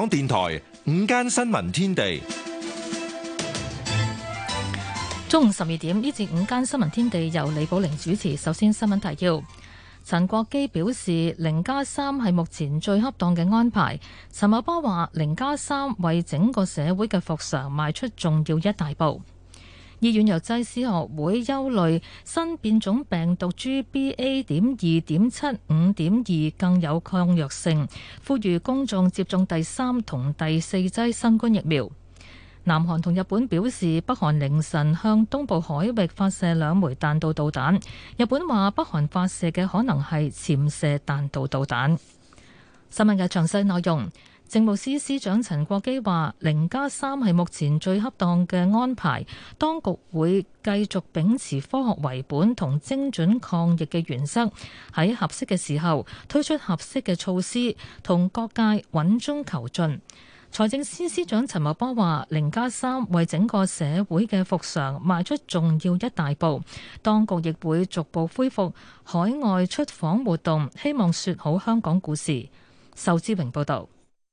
港電台午間新聞天地，中午十二點，呢節午間新聞天地由李寶玲主持。首先新聞提要：陳國基表示，零加三係目前最恰當嘅安排。陳茂波話，零加三為整個社會嘅復常邁出重要一大步。醫院藥劑師學會憂慮新變種病毒 GBA. 點二點七五點二更有抗藥性，呼籲公眾接種第三同第四劑新冠疫苗。南韓同日本表示，北韓凌晨向東部海域發射兩枚彈道導彈。日本話北韓發射嘅可能係潛射彈道導彈。新聞嘅詳細內容。政務司司長陳國基話：零加三係目前最恰當嘅安排，當局會繼續秉持科學為本同精準抗疫嘅原則，喺合適嘅時候推出合適嘅措施，同各界穩中求進。財政司司長陳茂波話：零加三為整個社會嘅復常邁出重要一大步，當局亦會逐步恢復海外出訪活動，希望説好香港故事。仇志榮報導。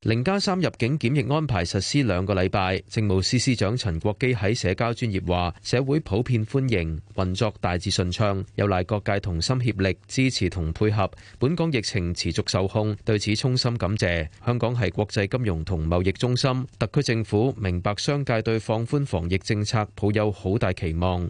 零加三入境檢疫安排實施兩個禮拜，政務司司長陳國基喺社交專業話，社會普遍歡迎，運作大致順暢，有賴各界同心協力支持同配合。本港疫情持續受控，對此衷心感謝。香港係國際金融同貿易中心，特區政府明白商界對放寬防疫政策抱有好大期望。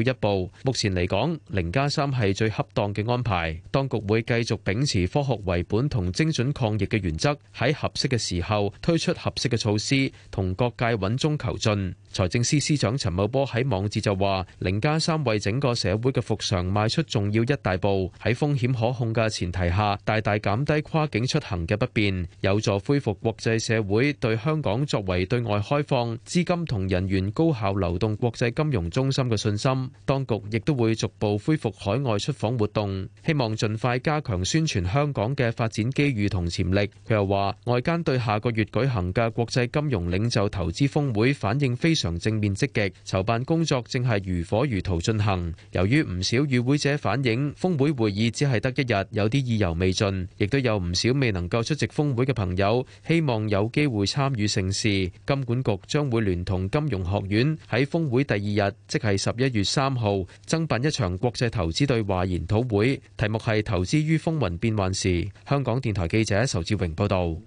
一步。目前嚟講，零加三係最恰當嘅安排。當局會繼續秉持科學為本同精準抗疫嘅原則，喺合適嘅時候推出合適嘅措施，同各界穩中求進。財政司司長陳茂波喺網誌就話：零加三為整個社會嘅復常邁出重要一大步，喺風險可控嘅前提下，大大減低跨境出行嘅不便，有助恢復國際社會對香港作為對外開放、資金同人員高效流動國際金融中心嘅信心。當局亦都會逐步恢復海外出訪活動，希望盡快加強宣傳香港嘅發展機遇同潛力。佢又話：外間對下個月舉行嘅國際金融領袖投資峰會反應非常常正面積極，籌辦工作正係如火如荼進行。由於唔少與會者反映，峯會會議只係得一日，有啲意猶未盡，亦都有唔少未能夠出席峯會嘅朋友，希望有機會參與盛事。金管局將會聯同金融學院喺峯會第二日，即係十一月三號，增辦一場國際投資對話研討會，題目係投資於風雲變幻時。香港電台記者仇志榮報道。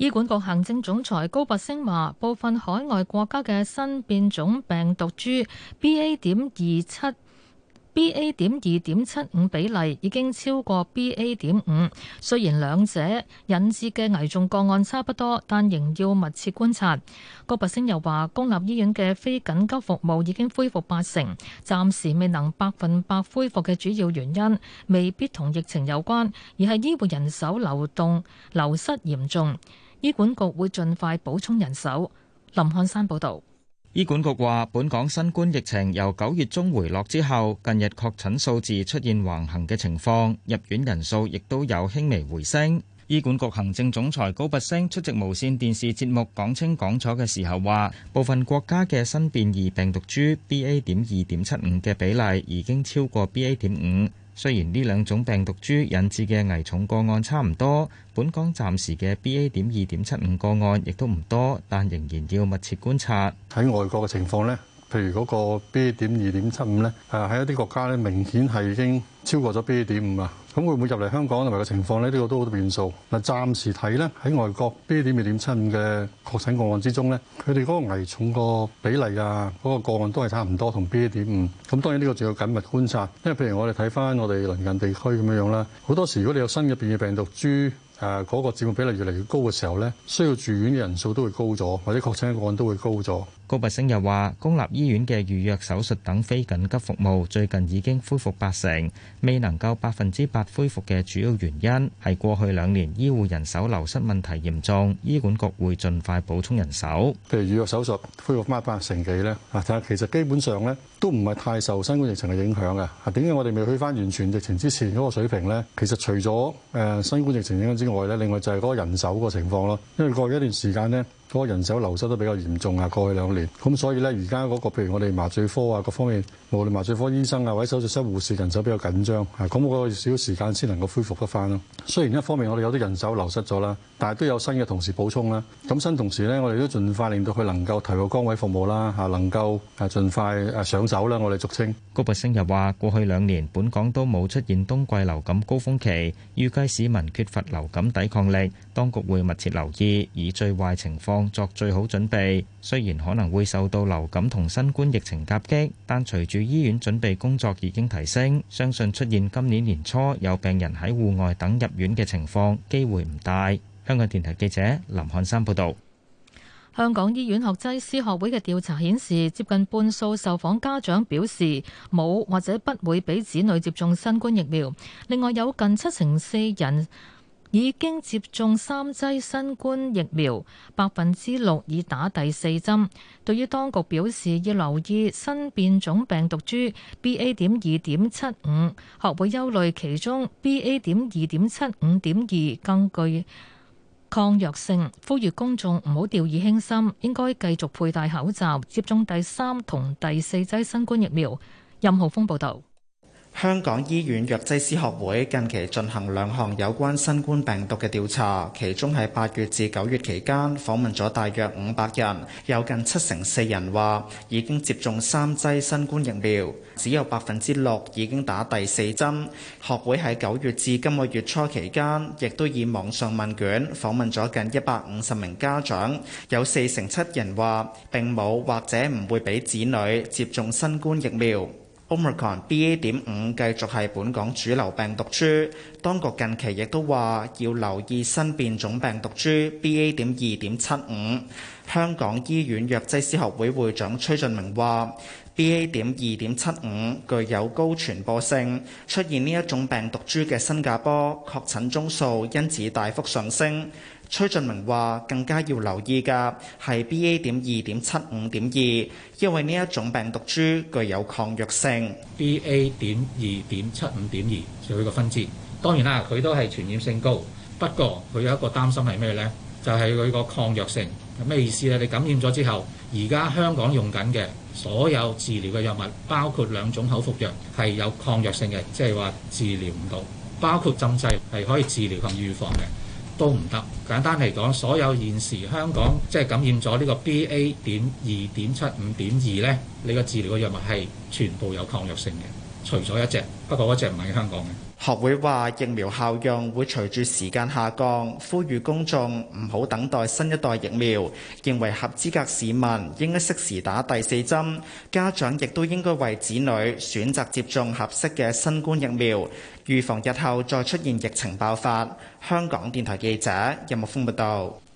醫管局行政總裁高拔升話，部分海外國家嘅新變種病毒株 BA. 點二七 BA. 點二點七五比例已經超過 BA. 點五。雖然兩者引致嘅危重個案差不多，但仍要密切觀察。高拔升又話，公立醫院嘅非緊急服務已經恢復八成，暫時未能百分百恢復嘅主要原因未必同疫情有關，而係醫護人手流動流失嚴重。醫管局會盡快補充人手。林漢山報道，醫管局話，本港新冠疫情由九月中回落之後，近日確診數字出現橫行嘅情況，入院人數亦都有輕微回升。醫管局行政總裁高拔升出席無綫電視節目講清講楚嘅時候話，部分國家嘅新變異病毒株 BA 點二點七五嘅比例已經超過 BA 點五。雖然呢兩種病毒株引致嘅危重個案差唔多，本港暫時嘅 BA. 點二點七五個案亦都唔多，但仍然要密切觀察。喺外國嘅情況呢，譬如嗰個 BA. 點二點七五呢，誒喺一啲國家呢，明顯係已經超過咗 BA. 點五啊。咁會唔會入嚟香港同埋嘅情況咧？呢個都好多變數。嗱，暫時睇咧喺外國 B. 一點二點七五嘅確診個案之中咧，佢哋嗰個危重個比例啊，嗰、嗰個個案都係差唔多同 B. 一點五。咁當然呢個仲要緊密觀察，因為譬如我哋睇翻我哋鄰近地區咁樣樣啦，好多時如果你有新入邊嘅病毒株。誒，嗰個佔用比例越嚟越高嘅時候咧，需要住院嘅人數都會高咗，或者確診個案都會高咗。高拔陞又話，公立醫院嘅預約手術等非緊急服務最近已經恢復八成，未能夠百分之百恢復嘅主要原因係過去兩年醫護人手流失問題嚴重，醫管局會盡快補充人手。譬如預約手術恢復翻八成幾咧？啊，其實基本上咧都唔係太受新冠疫情嘅影響嘅。點解我哋未去翻完全疫情之前嗰個水平咧？其實除咗誒新冠疫情影響之外，另外，就係嗰個人手個情況咯，因為過去一段時間呢。嗰個人手流失都比較嚴重啊！過去兩年咁，所以咧而家嗰個譬如我哋麻醉科啊各方面，無論麻醉科醫生啊、手術室護士人手比較緊張啊，咁個少時間先能夠恢復得翻咯。雖然一方面我哋有啲人手流失咗啦，但係都有新嘅同事補充啦。咁新同事咧，我哋都盡快令到佢能夠提高崗位服務啦，吓能夠啊盡快啊上手啦。我哋俗稱高拔陞又話：過去兩年本港都冇出現冬季流感高峯期，預計市民缺乏流感抵抗力，當局會密切留意，以最壞情況，作最好準備，雖然可能會受到流感同新冠疫情夾擊，但隨住醫院準備工作已經提升，相信出現今年年初有病人喺戶外等入院嘅情況機會唔大。香港電台記者林漢山報道，香港醫院藥劑師學會嘅調查顯示，接近半數受訪家長表示冇或者不會俾子女接種新冠疫苗，另外有近七成四人已經接種三劑新冠疫苗，百分之六已打第四針。對於當局表示要留意新變種病毒株 BA. 點二點七五，學會憂慮其中 BA. 點二點七五點二更具抗藥性，呼籲公眾唔好掉以輕心，應該繼續佩戴口罩、接種第三同第四劑新冠疫苗。任浩峰報導。香港醫院藥劑師學會近期進行兩項有關新冠病毒嘅調查，其中喺八月至九月期間訪問咗大約五百人，有近七成四人話已經接種三劑新冠疫苗，只有百分之六已經打第四針。學會喺九月至今個月初期間亦都以網上問卷訪問咗近一百五十名家長，有四成七人話並冇或者唔會俾子女接種新冠疫苗。Omicron BA. 點五繼續係本港主流病毒株，當局近期亦都話要留意新變種病毒株 BA. 點二點七五。香港醫院藥劑師學會會長崔俊明話：BA. 點二點七五具有高傳播性，出現呢一種病毒株嘅新加坡確診宗數因此大幅上升。崔俊明話：更加要留意嘅係 B A 點二點七五點二，2. 2, 因為呢一種病毒株具有抗藥性。B A 點二點七五點二就佢個分支。當然啦，佢都係傳染性高，不過佢有一個擔心係咩呢？就係佢個抗藥性咩意思咧？你感染咗之後，而家香港用緊嘅所有治療嘅藥物，包括兩種口服藥，係有抗藥性嘅，即係話治療唔到。包括針劑係可以治療同預防嘅。都唔得。簡單嚟講，所有現時香港即係感染咗呢個 BA 點二點七五點二呢，你個治療嘅藥物係全部有抗藥性嘅，除咗一隻，不過嗰隻唔係香港嘅。學會話疫苗效用會隨住時間下降，呼籲公眾唔好等待新一代疫苗。認為合資格市民應該適時打第四針，家長亦都應該為子女選擇接種合適嘅新冠疫苗，預防日後再出現疫情爆發。香港電台記者任木豐報道。有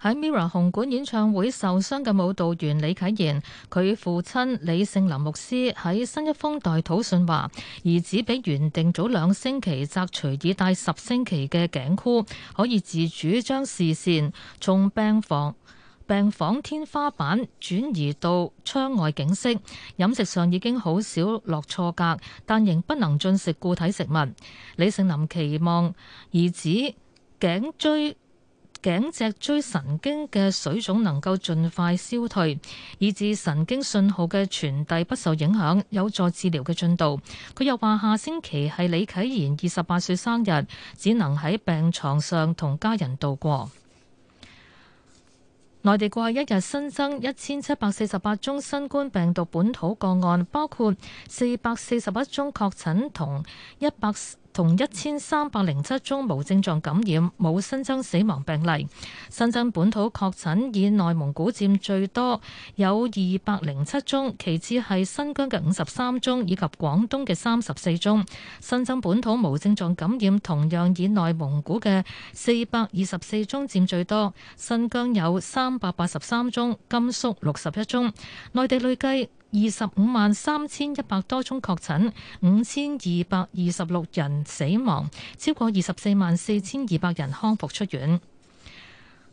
喺 MIRROR 紅館演唱會受傷嘅舞蹈員李啟賢，佢父親李盛林牧師喺新一封代禱信話：兒子比原定早兩星期摘除已戴十星期嘅頸箍，可以自主將視線從病房病房天花板轉移到窗外景色。飲食上已經好少落錯格，但仍不能進食固體食物。李盛林期望兒子頸椎頸脊椎神經嘅水腫能夠盡快消退，以致神經信號嘅傳遞不受影響，有助治療嘅進度。佢又話：下星期係李啟賢二十八歲生日，只能喺病床上同家人度過。內地過去一日新增一千七百四十八宗新冠病毒本土個案，包括四百四十一宗確診同一百。同一千三百零七宗無症狀感染，冇新增死亡病例。新增本土確診以內蒙古佔最多，有二百零七宗，其次係新疆嘅五十三宗，以及廣東嘅三十四宗。新增本土無症狀感染同樣以內蒙古嘅四百二十四宗佔最多，新疆有三百八十三宗，甘肅六十一宗。內地累計。二十五萬三千一百多宗確診，五千二百二十六人死亡，超過二十四萬四千二百人康復出院。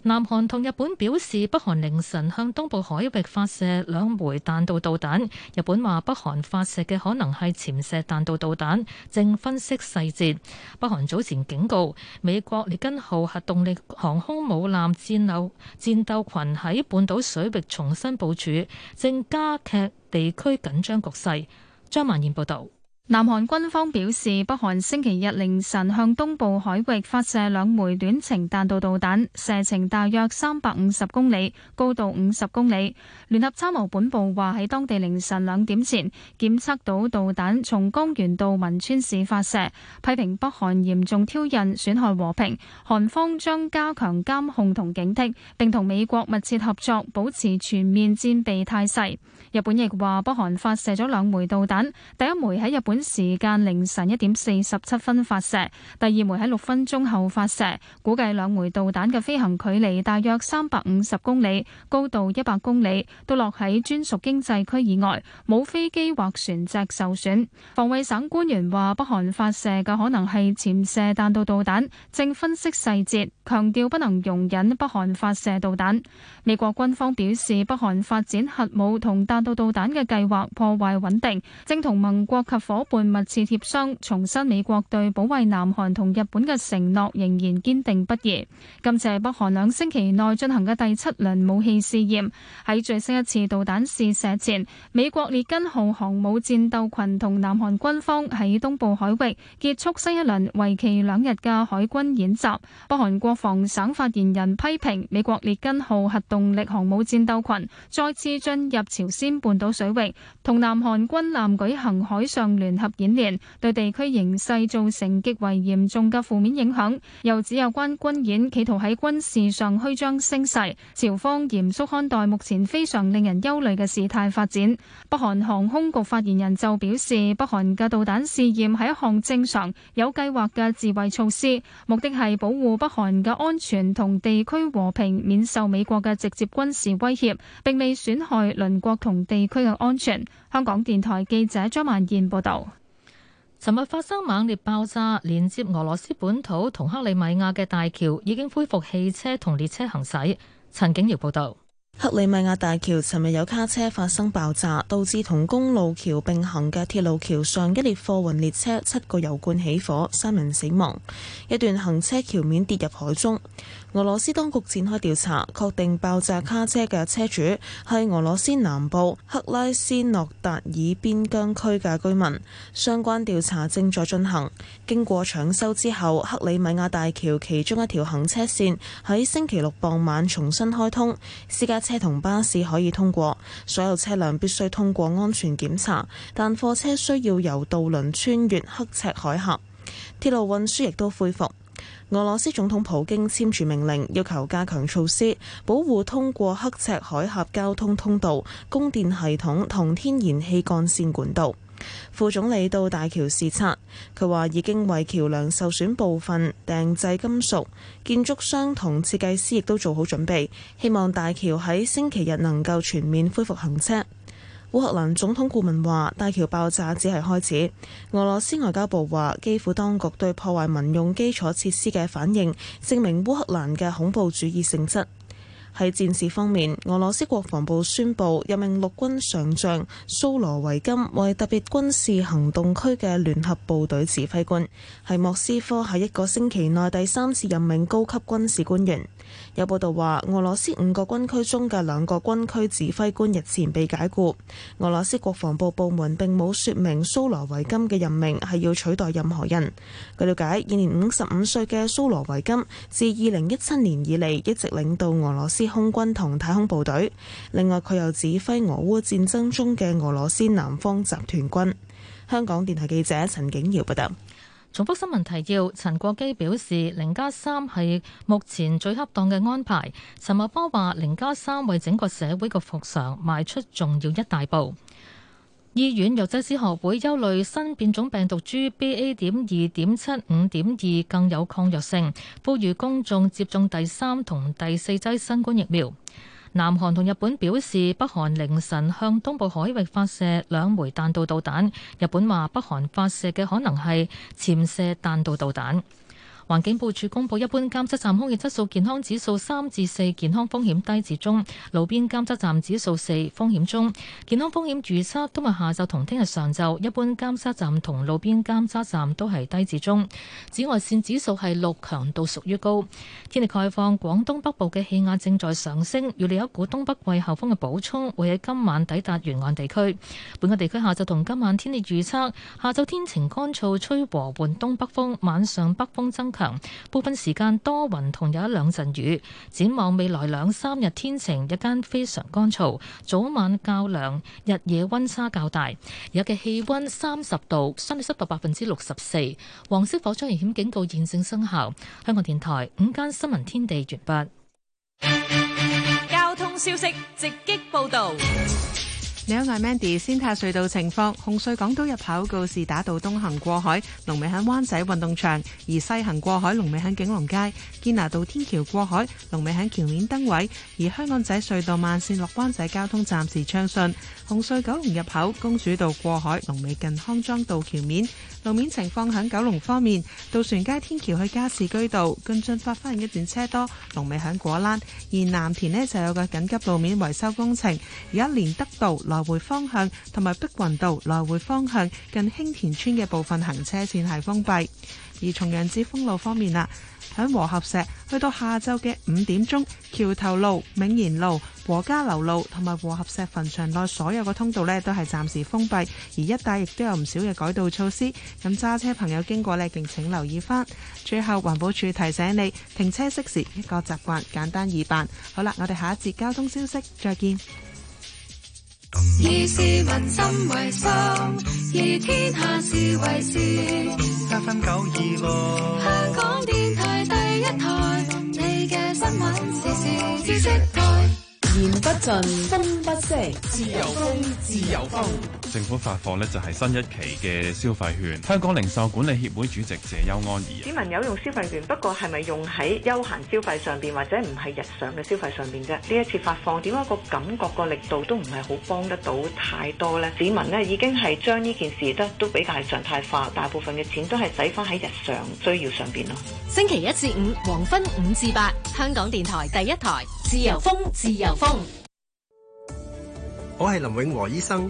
南韓同日本表示，北韓凌晨向東部海域發射兩枚彈道導彈。日本話北韓發射嘅可能係潛射彈道導彈，正分析細節。北韓早前警告美國列根號核動力航空母艦戰鬥戰鬥群喺半島水域重新部署，正加劇地區緊張局勢。張萬燕報導。南韓軍方表示，北韓星期日凌晨向東部海域發射兩枚短程彈道導彈，射程大約三百五十公里，高度五十公里。聯合參謀本部話，喺當地凌晨兩點前檢測到導彈從江原道文川市發射，批評北韓嚴重挑釁，損害和平。韓方將加強監控同警惕，並同美國密切合作，保持全面戰備態勢。日本亦話，北韓發射咗兩枚導彈，第一枚喺日本。時間凌晨一點四十七分發射，第二枚喺六分鐘後發射，估計兩枚導彈嘅飛行距離大約三百五十公里，高度一百公里，都落喺專屬經濟區以外，冇飛機或船隻受損。防衛省官員話，北韓發射嘅可能係潛射彈道導彈，正分析細節，強調不能容忍北韓發射導彈。美國軍方表示，北韓發展核武同彈道導彈嘅計劃破壞穩定，正同盟國及火半密切磋商，重申美國對保衛南韓同日本嘅承諾仍然堅定不移。今次係北韓兩星期內進行嘅第七輪武器試驗，喺最新一次導彈試射前，美國列根號航母戰鬥群同南韓軍方喺東部海域結束新一輪為期兩日嘅海軍演習。北韓國防省發言人批評美國列根號核動力航母戰鬥群再次進入朝鮮半島水域，同南韓軍艦舉行海上聯。合演練對地區形勢造成極為嚴重嘅負面影響，又指有關軍演企圖喺軍事上虛張聲勢，朝方嚴肅看待目前非常令人憂慮嘅事態發展。北韓航空局發言人就表示，北韓嘅導彈試驗係一項正常有計劃嘅自衛措施，目的係保護北韓嘅安全同地區和平，免受美國嘅直接軍事威脅，並未損害鄰國同地區嘅安全。香港電台記者張曼燕報道。尋日發生猛烈爆炸，連接俄羅斯本土同克里米亞嘅大橋已經恢復汽車同列車行駛。陳景瑤報道：克里米亞大橋尋日有卡車發生爆炸，導致同公路橋並行嘅鐵路橋上一列貨運列車七個油罐起火，三人死亡，一段行車橋面跌入海中。俄羅斯當局展開調查，確定爆炸卡車嘅車主係俄羅斯南部克拉斯諾達爾邊疆區嘅居民。相關調查正在進行。經過搶修之後，克里米亞大橋其中一條行車線喺星期六傍晚重新開通，私家車同巴士可以通過。所有車輛必須通過安全檢查，但貨車需要由渡輪穿越刻赤海峽。鐵路運輸亦都恢復。俄羅斯總統普京簽署命令，要求加強措施，保護通過刻赤海峽交通通道、供電系統同天然氣幹線管道。副總理到大橋視察，佢話已經為橋梁受損部分訂製金屬，建築商同設計師亦都做好準備，希望大橋喺星期日能夠全面恢復行車。烏克蘭總統顧問話：大橋爆炸只係開始。俄羅斯外交部話：基輔當局對破壞民用基礎設施嘅反應，證明烏克蘭嘅恐怖主義性質。喺戰事方面，俄羅斯國防部宣布任命陸軍上將蘇羅維金為特別軍事行動區嘅聯合部隊指揮官。係莫斯科喺一個星期內第三次任命高級軍事官員。有報道話，俄羅斯五個軍區中嘅兩個軍區指揮官日前被解雇。俄羅斯國防部部門並冇說明蘇羅維金嘅任命係要取代任何人。據了解，現年五十五歲嘅蘇羅維金自二零一七年以嚟一直領導俄羅斯空軍同太空部隊。另外，佢又指揮俄烏戰爭中嘅俄羅斯南方集團軍。香港電台記者陳景瑤報道。重複新聞提要：陳國基表示零加三係目前最恰當嘅安排。陳茂波話零加三為整個社會嘅復常邁出重要一大步。醫院藥劑師學會憂慮新變種病毒株 B A 點二點七五點二更有抗藥性，呼籲公眾接種第三同第四劑新冠疫苗。南韓同日本表示，北韓凌晨向東部海域發射兩枚彈道導彈。日本話北韓發射嘅可能係潛射彈道導彈。環境部署公佈一般監測站空氣質素健康指數三至四，健康風險低至中；路邊監測站指數四，風險中。健康風險預測今日下晝同聽日上晝一般監測站同路邊監測站都係低至中。紫外線指數係六，強度屬於高。天氣概況：廣東北部嘅氣壓正在上升，預料一股東北季候風嘅補充會喺今晚抵達沿岸地區。本港地區下晝同今晚天氣預測：下晝天晴乾燥，吹和緩東北風，晚上北風增。部分時間多雲，同有一兩陣雨。展望未來兩三日天晴，日間非常乾燥，早晚較涼，日夜温差較大。而家嘅氣溫三十度，相對濕度百分之六十四。黃色火災危險警告現正生效。香港電台午間新聞天地完畢。交通消息直擊報道。你好，我係 Mandy。先睇下隧道情況。紅隧港島入口告士打道東行過海，龍尾響灣仔運動場，而西行過海，龍尾響景隆街。堅拿道天橋過海，龍尾響橋面燈位；而香港仔隧道慢綫落灣仔，交通暫時暢順。紅隧九龍入口公主道過海，龍尾近康莊道橋面。路面情況響九龍方面，渡船街天橋去加士居道近進發花園一段車多，龍尾響果欄，而藍田呢就有個緊急路面維修工程，而喺連德道來回方向同埋碧雲道來回方向近興田村嘅部分行車線係封閉。而重陽至封路方面啦，響和合石去到下晝嘅五點鐘，橋頭路、銘賢路、和家樓路同埋和合石墳場內所有嘅通道呢都係暫時封閉。而一帶亦都有唔少嘅改道措施，咁揸車朋友經過呢，敬請留意翻。最後，環保署提醒你停車熄匙，一個習慣，簡單易辦。好啦，我哋下一節交通消息再見。以市民心為心，以天下事為事，不分九二六。香港電台第一台，你嘅新聞時時知識台，言不盡，心不息，自由風，自由風。政府發放呢就係新一期嘅消費券。香港零售管理協會主席謝邱安怡。市民有用消費券，不過係咪用喺休閒消費上邊，或者唔係日常嘅消費上邊啫？呢一次發放點解個感覺、個力度都唔係好幫得到太多呢？市民呢已經係將呢件事都都比較係常態化，大部分嘅錢都係使翻喺日常需要上邊咯。星期一至五黃昏五至八，香港電台第一台自由風，自由風。我係林永和醫生。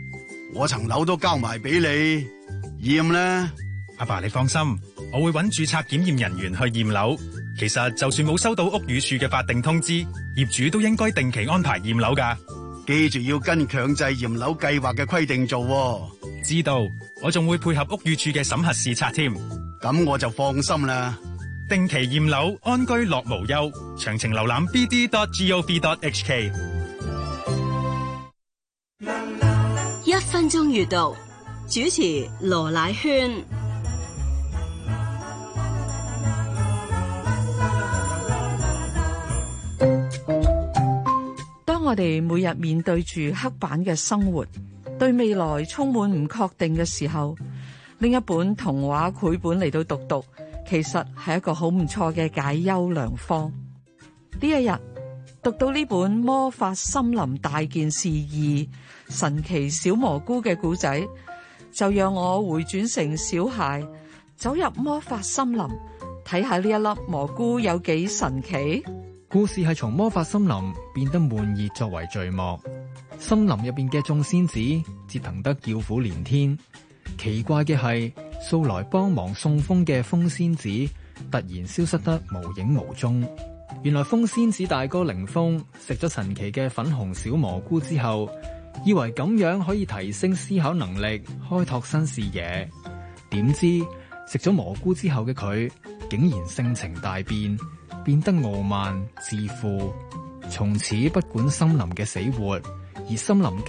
我層樓都交埋俾你驗啦，阿爸你放心，我會揾註冊檢驗人員去驗樓。其實就算冇收到屋宇署嘅法定通知，業主都應該定期安排驗樓㗎。記住要跟強制驗樓計劃嘅規定做，知道。我仲會配合屋宇署嘅審核視察添。咁我就放心啦。定期驗樓，安居樂無憂，詳情瀏覽 bd.gov.hk。分鐘閱讀，主持羅乃軒。當我哋每日面對住黑板嘅生活，對未來充滿唔確定嘅時候，拎一本童話繪本嚟到讀讀，其實係一個好唔錯嘅解憂良方。呢一日。讀到呢本魔法森林大件事二神奇小蘑菇嘅故仔，就讓我回轉成小孩走入魔法森林，睇下呢一粒蘑菇有幾神奇。故事係從魔法森林變得悶熱作為序幕，森林入邊嘅眾仙子折騰得叫苦連天。奇怪嘅係，素來幫忙送風嘅風仙子突然消失得無影無蹤。原來風仙子大哥凌風食咗神奇嘅粉紅小蘑菇之後，以為咁樣可以提升思考能力、開拓新視野。點知食咗蘑菇之後嘅佢，竟然性情大變，變得傲慢自負，從此不管森林嘅死活，而森林。